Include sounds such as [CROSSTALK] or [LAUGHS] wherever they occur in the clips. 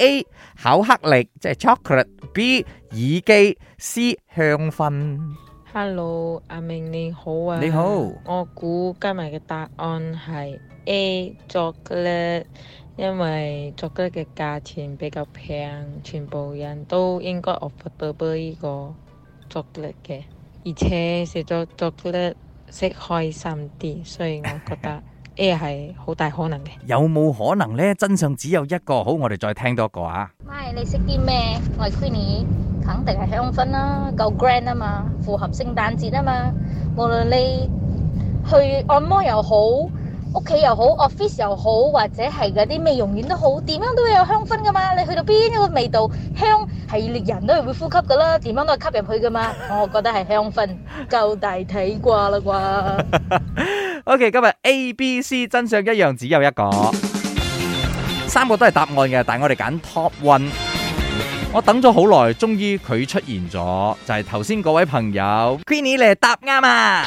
A 巧克力即係 chocolate，B 耳機，C 香氛。Hello，阿明你好啊。你好，我估今日嘅答案係 A chocolate，因為巧克力嘅價錢比較平，全部人都應該 offer 到呢個巧克力嘅，而且食咗巧克力識開心啲，所以我覺得。 [LAUGHS] 誒，係好大可能嘅。有冇可能咧？真相只有一個。好，我哋再聽多一個啊。喂，你識啲咩？我係 Queenie，肯定係香薰啦，夠 grand 啊嘛，符合聖誕節啊嘛。無論你去按摩又好，屋企又好，office 又好，或者係嗰啲美容院都好，點樣都會有香薰噶嘛。你去到邊一個味道香，係人都係會呼吸噶啦，點樣都係吸入去噶嘛。我覺得係香薰，夠大體啩啦啩。 [LAUGHS] [LAUGHS] OK, 今日 A B C 真相一樣只有一個，三個都係答案嘅，但係我哋揀 Top One。我等咗好耐，終於佢出現咗，就係頭先嗰位朋友，Queenie 嚟答啱啊！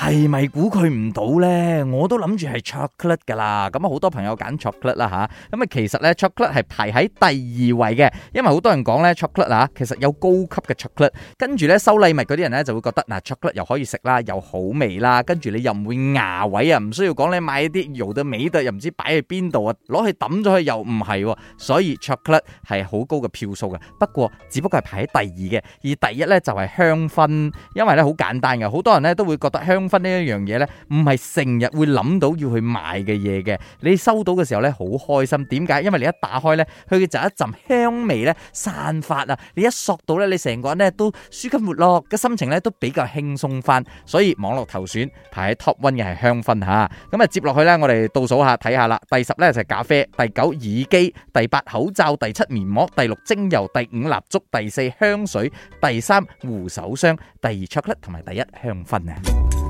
係咪估佢唔到呢？我都諗住係 chocolate 噶啦，咁啊好多朋友揀 chocolate 啦吓，咁啊其實呢，chocolate 係排喺第二位嘅，因為好多人講呢，chocolate 啊，其實有高級嘅 chocolate，跟住呢，收禮物嗰啲人呢，就會覺得嗱 chocolate 又可以食啦，又好味啦，跟住你又唔會牙位啊，唔需要講你買啲搖到尾度又唔知擺喺邊度啊，攞去抌咗去又唔係，所以 chocolate 係好高嘅票數嘅，不過只不過係排喺第二嘅，而第一呢，就係香薰，因為呢好簡單嘅，好多人呢，都會覺得香。分呢一樣嘢咧，唔係成日會諗到要去買嘅嘢嘅。你收到嘅時候咧，好開心。點解？因為你一打開咧，佢就一陣香味咧散發啊。你一索到咧，你成個人咧都舒筋活絡嘅心情咧都比較輕鬆翻。所以網絡投選排喺 top one 嘅係香薰吓。咁啊，接落去咧，我哋倒數下睇下啦。第十咧就係咖啡，第九耳機，第八口罩，第七面膜，第六精油，第五蠟燭，第四香水，第三護手霜，第二 chocolate 同埋第一香薰啊。